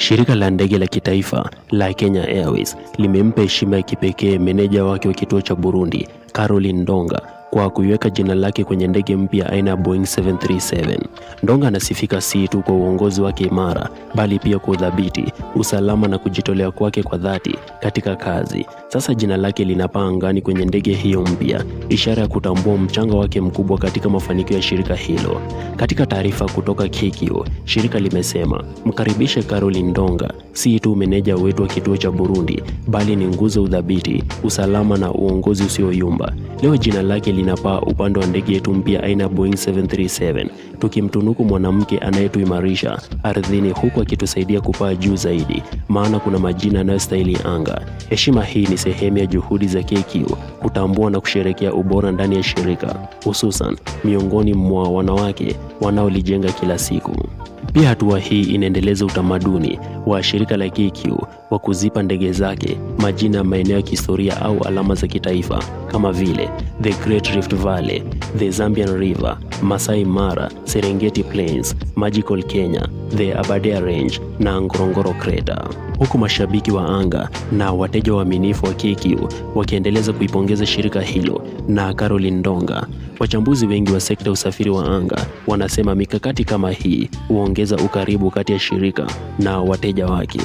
Shirika la ndege la kitaifa la Kenya Airways limempa heshima ya kipekee meneja wake wa kituo cha Burundi, Caroline Ndonga kwa kuiweka jina lake kwenye ndege mpya aina ya Boeing 737. Ndonga anasifika si tu kwa uongozi wake imara, bali pia kwa udhabiti, usalama na kujitolea kwake kwa dhati katika kazi. Sasa jina lake linapaa angani kwenye ndege hiyo mpya, ishara ya kutambua mchango wake mkubwa katika mafanikio ya shirika hilo. Katika taarifa kutoka KQ, shirika limesema, mkaribishe Caroline Ndonga, si tu meneja wetu wa kituo cha Burundi, bali ni nguzo, udhabiti, usalama na uongozi usioyumba. Leo jina lake linapaa upande wa ndege yetu mpya aina ya Boeing 737, tukimtunuku mwanamke anayetuimarisha ardhini huku akitusaidia kupaa juu zaidi, maana kuna majina yanayostahili anga. Heshima hii ni sehemu ya juhudi za KQ kutambua na kusherekea ubora ndani ya shirika, hususan miongoni mwa wanawake wanaolijenga kila siku. Pia hatua hii inaendeleza utamaduni wa shirika la KQ wa kuzipa ndege zake majina ya maeneo ya kihistoria au alama za kitaifa kama vile The Great Rift Valley, The Zambian River, Masai Mara, Serengeti Plains, Magical Kenya, The Aberdare Range na Ngorongoro Crater. Huku mashabiki wa anga na wateja waaminifu wa KQ wakiendeleza kuipongeza shirika hilo na Caroline Ndonga, wachambuzi wengi wa sekta ya usafiri wa anga wanasema mikakati kama hii huongeza ukaribu kati ya shirika na wateja wake.